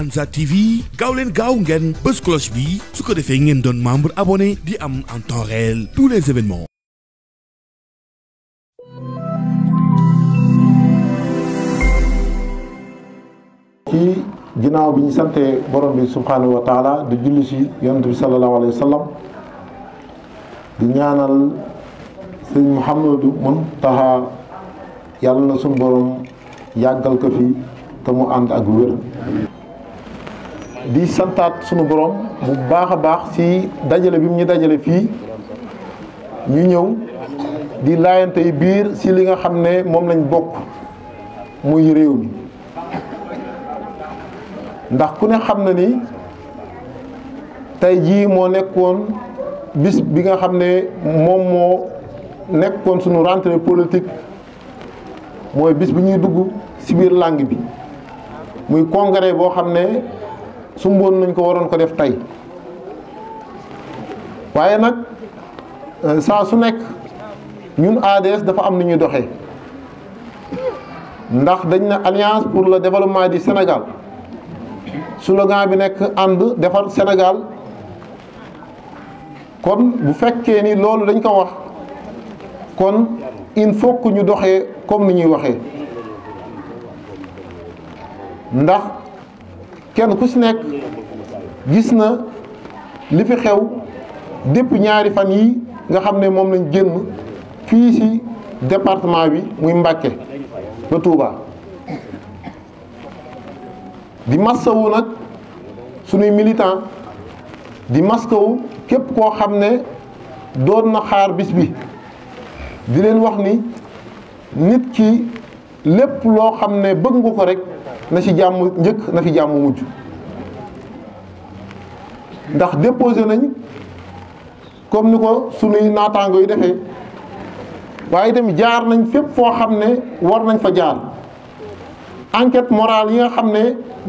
Ansar TV gaaw leen gaaw ngeen bi su ko defee ngeen doon membre abonné di am en temps réel les événements. kii bi ñu santee borom bi subhanahu wa di julli si yonent bi sallallahu alayhi wa sallam di ñaanal sëñ Mouhamadou Mountakha yàlla na suñu borom yàggal ko fi te mu ànd ak wér di santat sunu borom bu baakha baax ci dajale bi mu ñu dajale fi ñu ñew di layante biir ci li nga xamne mom lañ bokk muy rew mi ndax ku ne xamna ni tay ji mo nekkon bis bi nga xamne nekon mo nekkon sunu rentrée politique moy bis bi ñuy dugg ci biir langue bi muy congrès bo xamne sumboon nañ ko waroon ko def tey waaye nag euh, saa su nekk ñun ADS dafa am ni ñuy doxee ndax dañ ne alliance pour le développement du Sénégal slogan bi nekk ànd defar Sénégal kon bu fekkee ni loolu lañ ko wax kon il faut ñu doxee comme ni ñuy waxee ndax kenn ku si nekk li fi xew ñaari fan yi nga xam ne moom si département bi muy Mbàkke ba Touba di masawu nag suñuy militant di maskawu képp koo xam ne na xaar bis bi di leen wax ni nit ki lépp loo xam bëgg na ci jàmm njëkk na fi jàmm mujj ndax déposé nañ comme ni ko sunuy naataango yi defee waaye dem jaar nañ fépp foo xam ne war nañ fa jaar enquête morale yi nga xam ne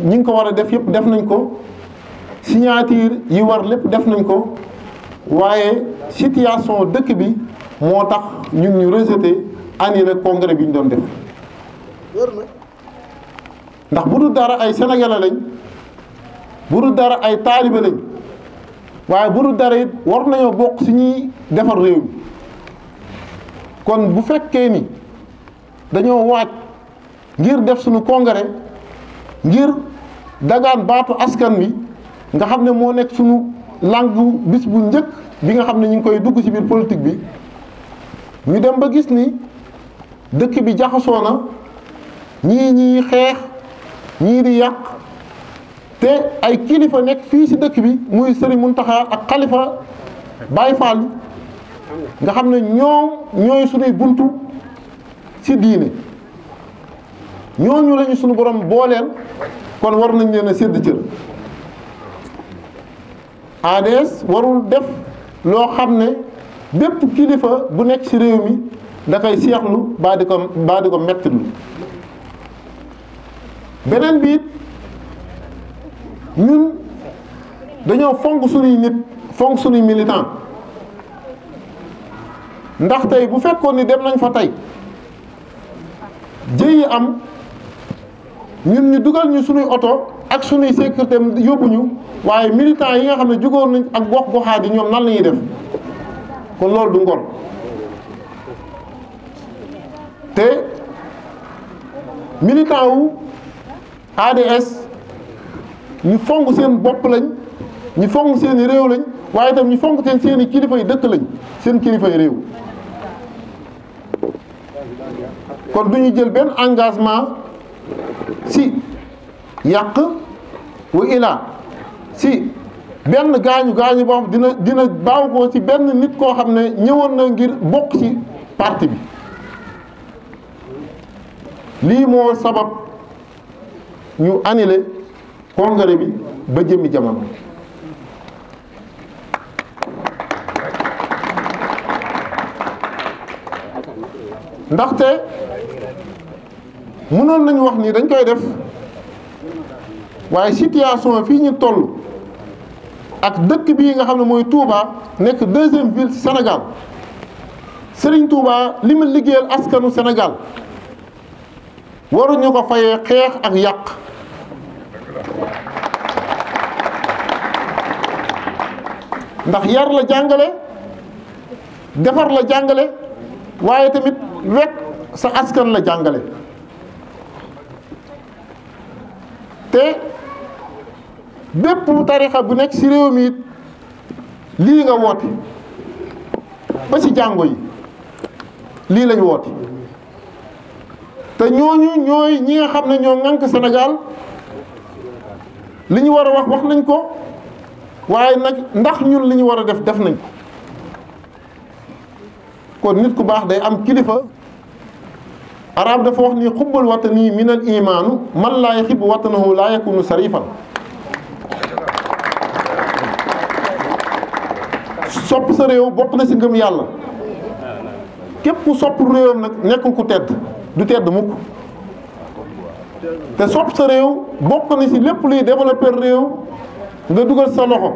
ñi ngi ko war a def yëpp def nañ ko signature yi war lépp def nañ ko waaye situation dëkk bi moo tax ñu ngi ñu rejeté annulé congrès bi ñu doon def ndax bu dul dara ay sénégalais lañ bu dul dara ay taalibe lañ waaye bu dul dara it war nañoo bokk si ñuy defar réew mi kon bu fekkee ni dañoo waaj ngir def suñu kongre ngir dagaan baatu askan wi nga xam ne moo nekk suñu langue bis bu njëkk bi nga xam ne ñu ngi koy dugg ci biir politique bi ñu dem ba gis ni dëkk bi jaxasoo na ñii ñii xeex ñii di yàq te ay kilifa nekk fii ci dëkk bi muy Sëriñ Muntaxa ak xalifa Baay Faal nga xam ne ñoom ñooy suñuy buntu si diine ñu lañu suñu borom booleel kon war nañ leen a sédd cër ADS warul def loo xam ne bépp kilifa bu nekk ci réew mi da koy seexlu baa di ko baa di ko mettitlu beneen bi it ñun dañoo fonk suñuy nit fonk suñuy militant ndax tey bu fekkoon ni dem nañ fa tey jëyi am ñun ñu dugal ñu suñuy oto ak suñuy sécurité yóbbu ñu waaye militant yi nga xam ne jugoon nañ ak gox goxaat yi ñoom nan la ñuy def kon lool du ngor te militant wu ADS ñu fonk seen bopp lañ ñu fonk seeni réew lañ waaye itam ñu fong seen seen i kilifa dëkk lañ seen kilifay réew kon du ñu jël benn engagement si yàq wa ilaa si benn gaañu gaañu boo dina dina baaw ko ci benn nit koo xam ne ñëwoon na ngir bokk ci parti bi lii moo sabab ñu annulé congrès bi ba jëmmi jamono. ndaxte mënoon nañu wax nii dañ koy def waaye situation fii ñu toll ak dëkk bii nga xam ne mooy Touba nekk deuxième ville Sénégal Serigne Touba li mu liggéeyal askanu senegal waruñu ko fayee xeex ak yàq ndax yar la jàngale defar la jàngale waaye tamit wekk sa askan la jàngale te bépp tarixa bu nekk ci réew mi it lii nga woote ba ci jàngo yi lii lañ woote te ñooñu ñooy ñi xam ne ñoo ŋànk Sénégal li ñu war a wax wax nañ ko waye nak ndax ñun li ñu war def def nañ ko kon nit ku bax day am kilifa arab dafa wax ni khubul watani min al iman man la yuhibbu watanahu la yakunu sarifan sopp sa rew bokk na ci ngeum yàlla kep ku sopp réewam nak nek ku tedd du tedd mukk te sopp sa rew bokk na ci lépp luy developer rew nga dugal sa loxo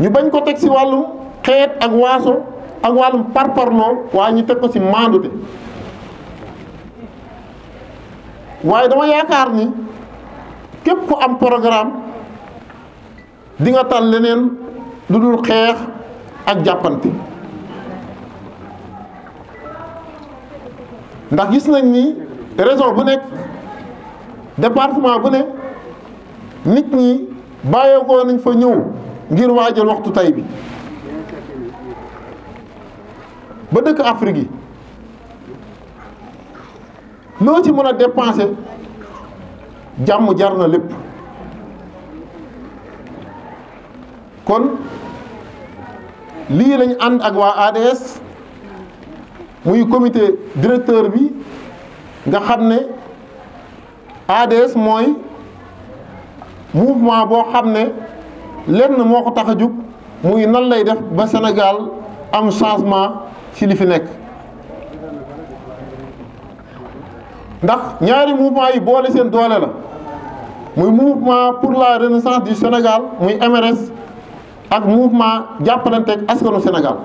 ñu bañ ko teg ci wàllum xeet ak waaso ak wàllum parparloo waaye ñu teg ko si maandute waaye dama yaakaar ni képp ku am programme dinga tal leneen lu dul xeex ak jàppante ndax gis nañ ni région bu nekk département bu nekk nit ñi bàyyeekoo nañ fa ñëw ngir waajal waxtu tay bi ba dëkk Afrique yi loo ci mën a dépenser jàmm jar na lépp kon lii lañ ànd ak waa ADS muy comité directeur bi nga xam ne ADS mooy mouvement bo xamné lenn moko ko muy nan lay def ba Sénégal am changement ci li fi nek ndax ñaari mouvement yi bolé sen doole la muy mouvement pour la renaissance du Sénégal muy MRS ak mouvement jàppalante ak askanu Sénégal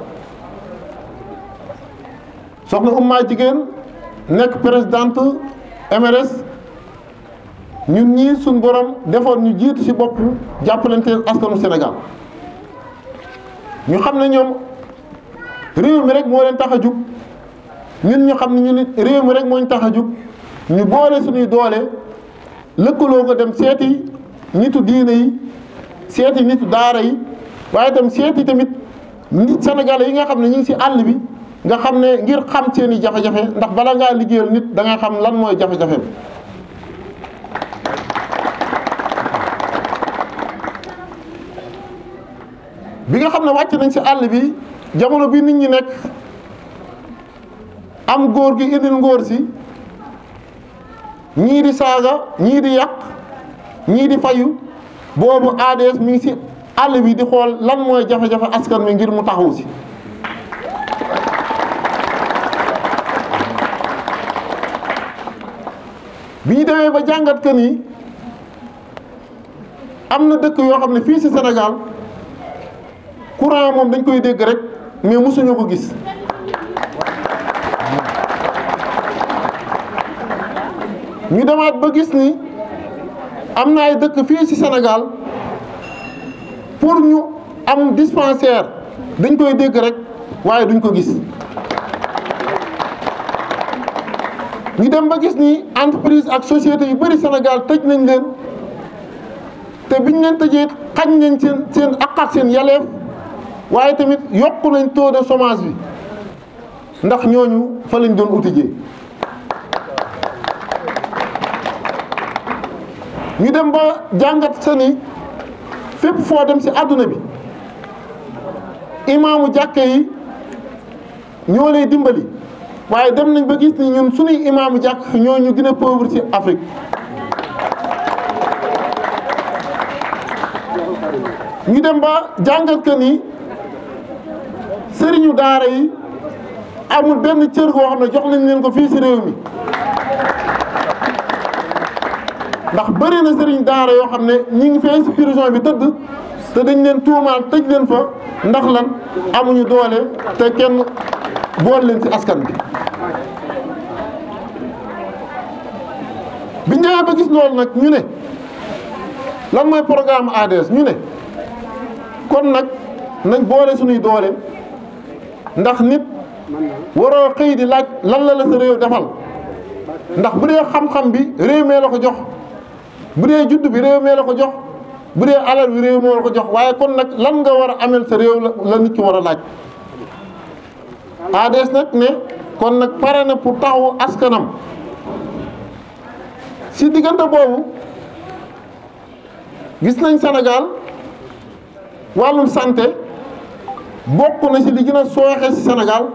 soxna umma jigen nek présidente MRS ñun ñii suñ borom defoon ñu jiitu ci bopp jàppalante askanu senegal ñu xam ne ñoom réew mi rek moo leen tax a jug ñun ñu xam ne ñu nit rek moo ñu jug ñu boole suñuy doole lëkkaloo ko dem seeti nitu diine yi seeti nitu daara yi waaye itam seeti tamit nit Sénégalais yi nga xam ne ñu ngi ci àll bi nga xam ne ngir xam seeni jafe-jafe ndax bala ngaa liggéeyal nit dangay xam lan mooy jafe-jafe bi nga xam ne wàcc nañ ci àll bi jamono bi nit ñi nekk am góor gi indil ngóor si ñii di saaga ñii di yàq ñii di fayu boobu ADS mi ngi ci àll bi di xool lan mooy jafe-jafe askan wi ngir mu taxaw ci bi ñu demee ba jàngat kën yi am na dëkk yoo xam ne fii ci senegal courant moom dañ koy dégg rek mais mosuñu ko gis ñu demaat ba gis ni am na ay dëkk fii ci senegal pour ñu am dispensaire dañ koy dégg rek waaye duñ ko gis ñu dem ba gis ni entreprise ak société yu bëri senegal tëj nañ leen te biñ leen tëjee xañ nañ seen seen ak seen yaleef waaye tamit yokku nañ taux de chômage bi ndax ñooñu fa lañ doon uti ji ñu dem ba jàngat sani fépp foo dem ci àdduna bi imaamu jàkke yi ñoo lay dimbali waaye dem nañ ba gis ni ñun suñuy imaamu jàkk ñoo ñu gën a pauvre ci Afrique ñu dem ba jàngat que ni sëriñu daara yi amul benn cër goo xam ne jox nañ leen ko fii si réew mi ndax bëri na sëriñ daara yoo xam ne ñu ngi fi institution bi tëdd te dañ leen tuumaal tëj leen fa ndax lan amuñu doole te kenn bool leen ci askan bi biñ demee ba gis loolu nag ñu ne lan mooy programme ADS ñu ne kon nag nañ boole suñuy doole ndax nit waroo xëy di laaj lan la la sa réew defal ndax bu dee xam-xam bi réew mee ko jox bu dee judd bi réew mee la ko jox bu dee alal bi réew moo ko jox waaye kon nag lan nga war a ameel sa réew la nit ki war a laaj ADS nag ne kon nag pare na pour taxawu askanam si diggante boobu gis nañ Sénégal wàllum santé bokk na ci li gën a sooxe ci Sénégal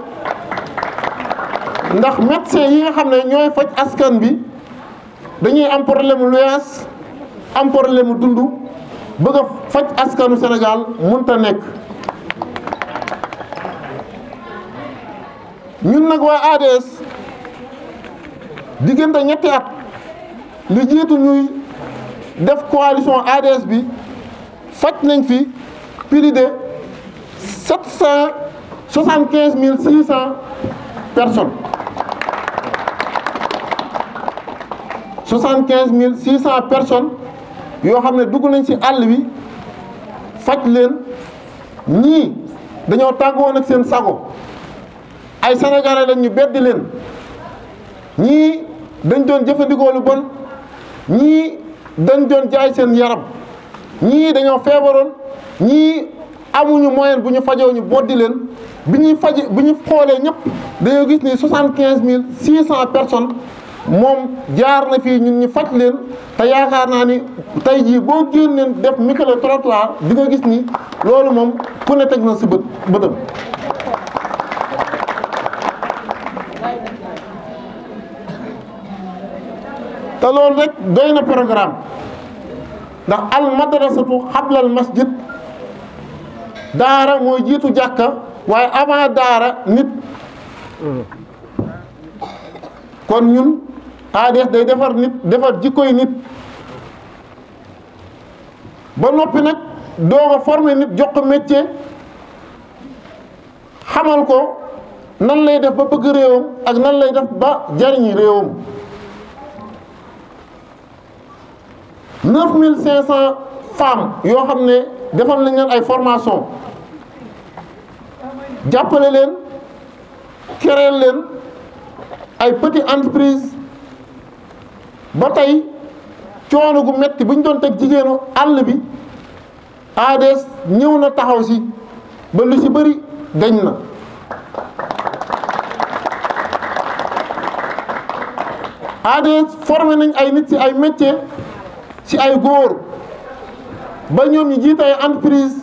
ndax médecin yi nga xam ne ñooy faj askan bi dañuy am problème mu luyaas am problème mu dund bëgg faj askanu senegal mënta nekk. ñun nag waa ADS diggante ñetti at li jiitu ñuy def coalition ADS bi faj nañ fi pride sept cent soixante quinze mille six cent personnes soixante mille six cent personnes yoo xam ne dugg nañ ci àll bi faj leen ñii dañoo tàggoon ak seen sago ay sénégalais lañ bedd leen ñii dañ doon jëfandikoo lu bon ñii dañ doon jaay seen yaram ñii dañoo feebaroon ñii amuñu moyen bu ñu fajoo ñu boddi leen bi ñuy faj bu ñu xoolee ñëpp dañoo gis ni soixante quinze mille six cent personnes moom jaar na fii ñu ñu faj leen te yaakaar naa ni tey jii boo génneen def micro trottoir di nga gis ni loolu moom ku ne teg na si bët bëtam te loolu rek doy na programme ndax al madrasatu xablal masjid daara mooy jiitu jàkka waaye avant daara nit kon ñun ADS day defar nit defar jikkoy nit ba noppi nag doog a nit jox ko métier xamal ko nan lay def ba bëgg réewam ak nan lay def ba jariñ réewam neuf mille yoo xam ne defal nañ leen ay formation jàppale leen créer leen ay petite entreprise ba tey coono gu metti bu ñu doon teg jigéenu àll bi ADS ñëw na taxaw si ba lu si bëri dañ na ADS forme nañ ay nit si ay métier ci ay góor ba ñoom ñu jiite entreprise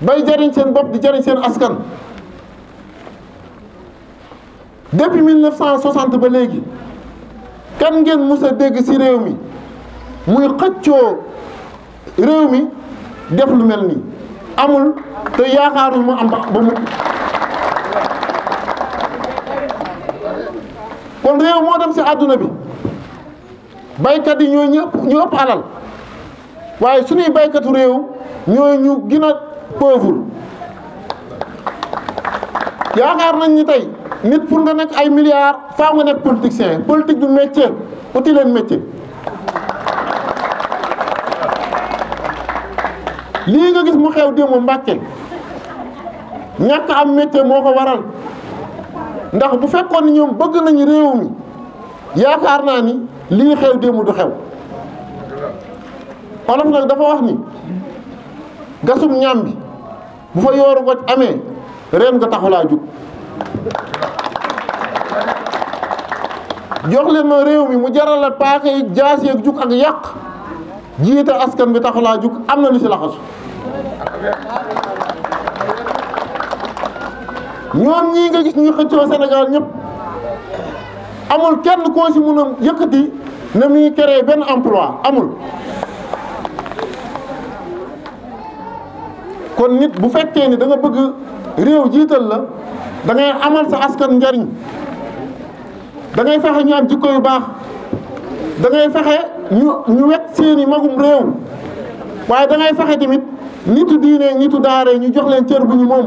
bay jariñ seen bopp di jariñ seen askan depuis 1960 ba léegi kan ngeen mus dégg ci réew mi muy xëccoo réew mi def lu mel ni amul te yaakaaruñu mu am ba mu kon réew moo dem ci àdduna bi baykat yi ñoo ñëpp ñoo ëpp alal waaye suñuy baykatu réew ñoo ñu gina a pauvre yaakaar nañ ni tey nit pour nga nekk ay milliards faaw nga nekk politicien politique du métier uti leen métier lii nga gis mu xew démb Mbàkke ñàkk am métier moo ko waral ndax bu fekkoon ni ñoom bëgg nañu réew mi yaakaar naa ni lii xew démb du xew olof nag dafa wax ni gasum ñaam bi bu fa yooru goj amee reen nga taxulaa jug jox leen réew mi mu jaral la paaka yi jaas yeeg jug ak yàq jiite askan bi taxulaa jug am na lu si laxasu ñoom ñii nga gis ñuy xëccoo Sénégal ñëpp amul kenn koo si mun a yëkkati na muy créer benn emploi amul kon nit bu fekkee ni da bëgg réew jiital la dangay amal sa askan njariñ dangay ngay fexe ñu am jikko yu baax dangay ngay ñu ñu wet seeni magum réew waaye dangay ngay fexe tamit nitu diine nitu daara ñu jox leen cër bu ñu moom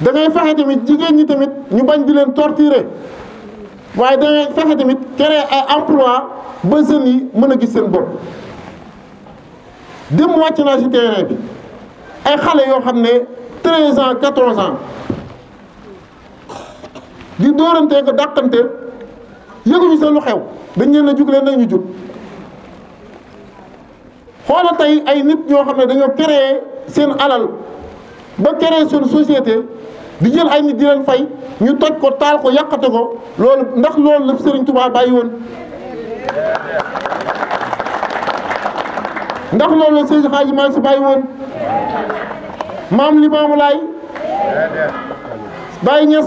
dangay ngay fexe tamit jigéen ñi tamit ñu bañ di leen torturer waaye da ngay fexe tamit créer ay emploi ba jeunes yi mën a gis seen bopp dem wàcc naa ci terrain bi ay xale yoo xam ne 13 ans 14 ans di dóorante ko dàqante yëguñu sa lu xew dañ leen a jug leen nag ñu jug xoola tey ay nit ñoo xam ne dañoo créer seen alal ba créer seen société di jël ay nit di leen fay ñu toj ko taal ko yàqate ko loolu ndax loolu la Serigne Touba bàyyi woon ndax loolu la Serigne Hadji Malick Sy bàyyi woon maam Limaamu Laay Baay Ñas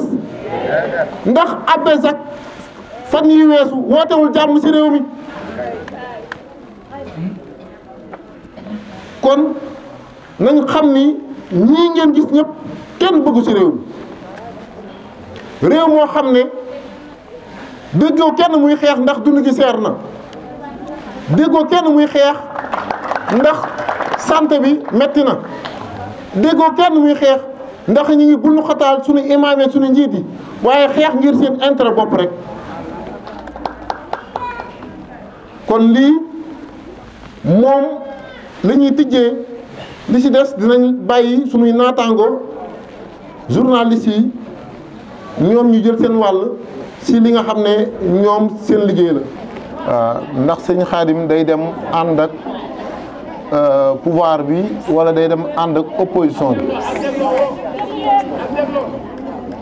ndax Abbé Jacques fan yi weesu wootewul jàmm ci réew mi kon nañ xam ni ñii ngeen gis ñëpp kenn bëggu ci réew mi réew moo xam ne déggoo kenn muy xeex ndax dund gi seer na déggoo kenn muy xeex ndax santé bi metti na déggoo kenn muy xeex ndax ñu ngi bul xataal suñu imaam suñu njiit yi waaye xeex ngir seen intérêt bopp rek kon lii moom la ñuy li ci des dinañ bàyyi suñuy naataango journaliste yi ñoom ñu jël seen wàll si li nga xam ne ñoom seen liggéey la. waaw ndax sëñ Xaadim day dem ànd ak. Euh, pouvoir bi wala day dem ànd ak opposition bi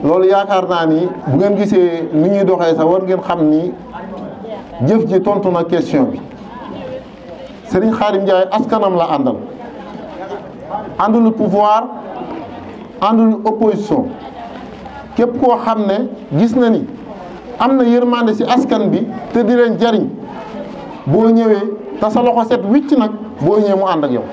loolu yaakaar naa ni bu ngeen gisee ni ñuy doxee sax war ngeen xam ni jëf ji tontu na question bi Serigne Khadim Ndiaye askanam la àndal àndul pouvoir àndul opposition képp koo xam ne gis na ni am na yërmande si askan bi te di leen jariñ boo ñëwee te sa loxo set wicc nag. boo ñëwee mu ànd ak yow.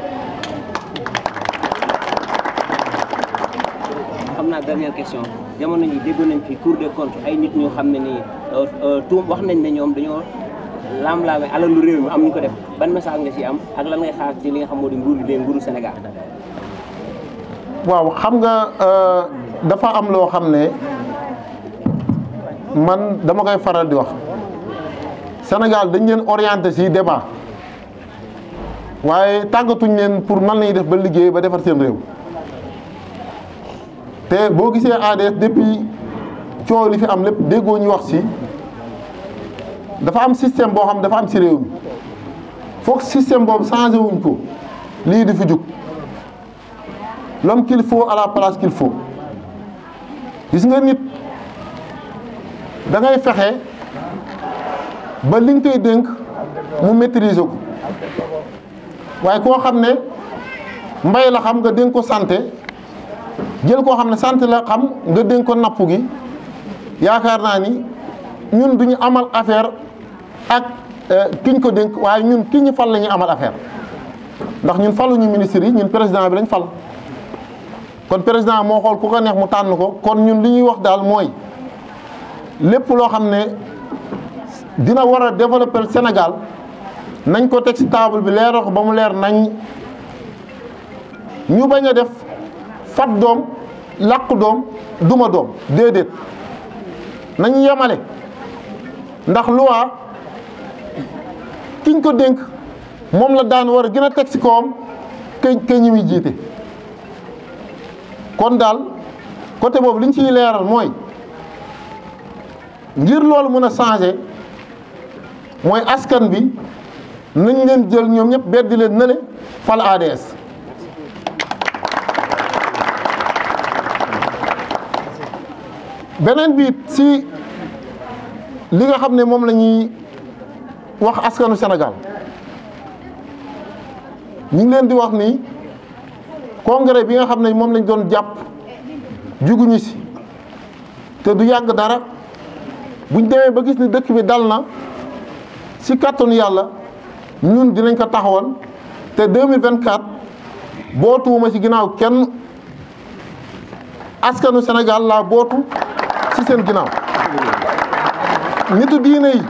xam naa dernière question jamono ji déggoon nañ fi Cour des comptes ay nit ñoo xam ne nii euh, euh, tuum wax nañ ne ñoom dañoo laam-laame lu réew mi am ñu ko def ban message nga ci am ak lan ngay xaar ci li nga xam moo di nguur gi nguuru Sénégal. waaw xam nga euh, dafa am loo xam ne man dama koy faral di wax Sénégal dañ leen orienté ci débat. waaye tàggatuñ leen pour nan lañuy def ba liggéey ba defar seen réew te boo gisee ADS depuis coow li fi am lépp déggoo ñu wax si dafa am système boo xam dafa am si réew mi foog système boobu changé wuñ ko lii di fi jug l'homme qu'il faut à la place qu'il faut gis nga nit da ngay fexe ba li nga koy dénk mu maîtriser ko waaye koo xam ne mbay la xam nga dénk ko santé jël koo xam ne santé la xam nga dénk ko napp gi yaakaar naa ni ñun du ñu amal affaire ak euh, kiñ ko dénk waaye ñun ki ñu fal la ñuy amal affaire ndax ñun faluñu ministre yi ñun président bi lañ fal kon président moo xool ku ko neex mu tànn ko kon ñun li ñuy wax daal mooy lépp loo xam ne dina war a développer Sénégal nañ ko teg ci table bi leeroo ko ba mu leer nañ ñu bañ a def fat doom làq doom duma doom déedéet nañ yemale ndax loi kiñ ko dénk moom la daan war a gën a teg ci kawam ke ke ñi jiite kon daal côté boobu liñ ciy leeral mooy ngir loolu mën a changer mooy askan bi nañu leen jël ñoom ñëpp beddi leen na le fal ADS beneen biit si li nga xam ne moom lañuy wax askanu senegal ñu leen di wax ni congrès bi nga xam ne moom lañ doon jàpp juguñu si te du yàgg dara buñ demee ba gis ni dëkk bi dal na si kàttanu yàlla ñun dinañ ko taxawal te vingt 2024 bootuwuma ci ginnaaw kenn askanu senegal laa bootu ci seen ginnaaw nit diine yi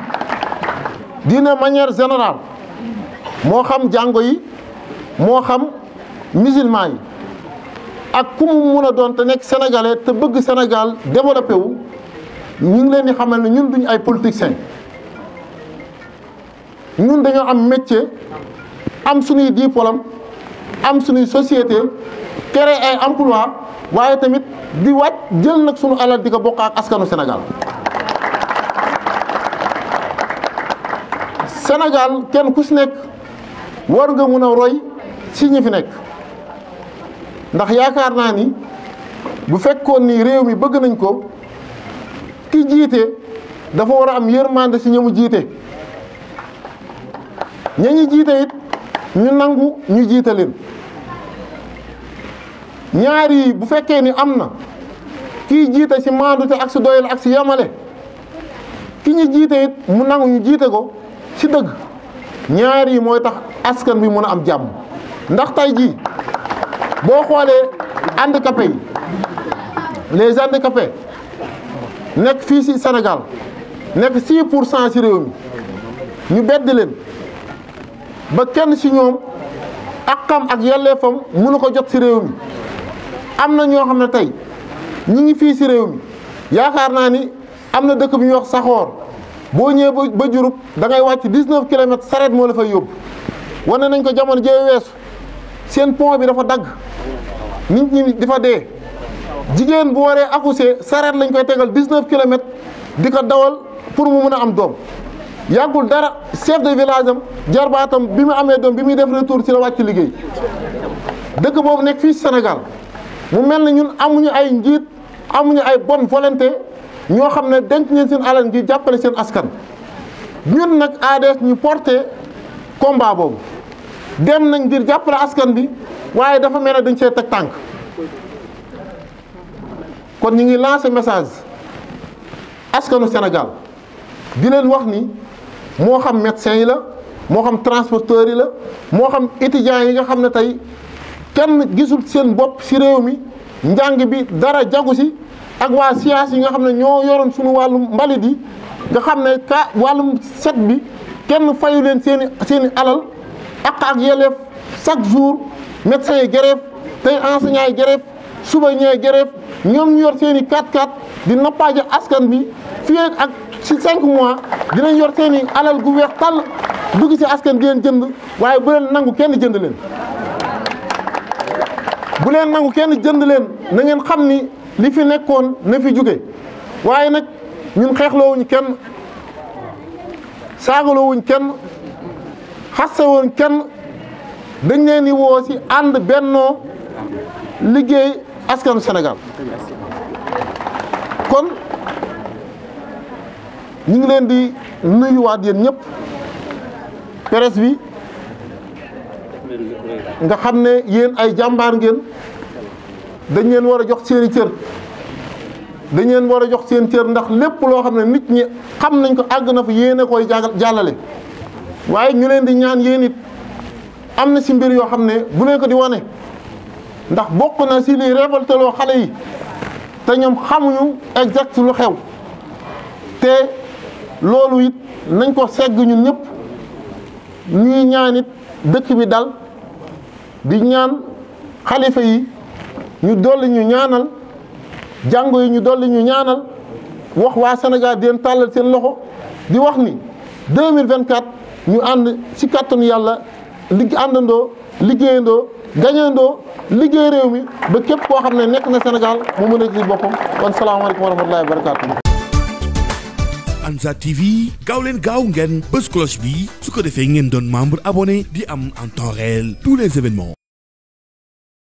diine manière générale moo xam jàngo yi moo xam musulman yi ak ku mu mun a doon te nekk sénégalais te bëgg Sénégal développé wu ñu leen di xamal ne ñun duñu ay politiciens ñun dañoo am métier am suñuy diplôme am suñuy société créer ay emploi waaye tamit di wàcc jël nag suñu alal di ko bokk askanu senegal Sénégal kenn ku si nekk war nga mun a roy si ñi fi nekk ndax yaakaar naa ni bu fekkoon ni réew mi bëgg nañ ko ki jiite dafa war a am yërmande si ñamu jiite ña ñu jiite it ñu nangu ñu jiite leen ñaari bu fekkee ni am na kiy jiite si maandute ak si doyal ak si yamale ki ñu jiite it mu nangu ñu jiite ko si dëgg ñaar yi mooy tax askan bi mën a am jàmm ndax tey jii boo xoolee handicapés yi les handicapés nekk fii si senegal nekk 6 pour cent si réew mi ñu bedd leen. ba kenn ci ñoom àqam ak yelleefam mënu ko jot ci réew mi am na ñoo xam ne tey ñi ngi fii ci réew mi yaakaar naa ni am na dëkk bu ñuy wax saxoor boo ñëwee ba Diouroup da ngay wàcc 19 kilomètres saret moo la fay yóbbu wane nañ ko jamono jee weesu seen pont bi dafa dagg nit ñi di fa dee jigéen bu waree accoucher saret lañ koy tegal 19 kilomètres di ko dawal pour mu mën a am doom yàggul dara chef de village am jarbaatam bi mu amee doom bi muy def retour ci la wàcc liggéey dëkk boobu nekk fii senegal mu mel na ñun amuñu ay njiit amuñu ay bonne volonté ñoo xam ne denc ngeen seen alal ngi jàppale seen askan ñun nag ADS ñu porté combat boobu dem nañ ngir jàppale askan bi waaye dafa mel ne dañ see teg tànk kon ñu ngi lancé message askanu senegal di leen wax ni moo xam médecin yi la moo xam transporteurs yi la moo xam étudiants yi nga xam ne tey kenn gisul seen bopp si réew mi njàng bi dara jagu si ak waa science yi nga xam ne ñoo yoroon suñu wàllum mbalit yi nga xam ne ka wàllum set bi kenn fayu leen seeni seen i alal ak ak yelleef chaque jour médecins yi grève tey enseignants yi grève suba ñee grève ñoom ñu yor seeni i 4-4 di nappaaje askan bi fii ak. ci cinq mois dinañ yor seen i alal gu weex tàll dugg ci askan di leen jënd waaye bu leen nangu kenn jënd leen bu leen nangu kenn jënd leen na xam ni li fi nekkoon na fi jóge waaye nag ñun xeexloowuñ kenn saagaloowuñ kenn xastewuñ kenn dañ leen di woo ci ànd bennoo liggéey askanu senegal kon ñu ngi leen di nuyuwaat yéen ñëpp presse bi nga xam ne yéen ay jàmbaar ngeen dañ leen war a jox seeni cër dañ leen war a jox seen cër ndax lépp loo xam ne nit ñi xam nañ ko àgg na fa yéen a koy jàllale waaye ñu leen di ñaan yéen it am na si mbir yoo xam ne bu leen ko di wane ndax bokk na si liy révolté loo xale yi te ñoom xamuñu exact lu xew te loolu it nañ ko segg ñun ñëpp ñu ñaan it dëkk bi dal di ñaan xalifa yi ñu dolli ñu ñaanal jàngo yi ñu dolli ñu ñaanal wax waa Sénégal di tàllal seen loxo di wax ni 2024 ñu ànd si kàttanu yàlla li àndandoo liggéeyandoo gañandoo liggéey réew mi ba képp koo xam ne nekk na Sénégal mu mën a gis boppam kon salaamaaleykum wa rahmatullahi wa barakatuh Anza TV Gaulen Gaungen, Bosco ngeen bés cloche membre en temps réel tous les événements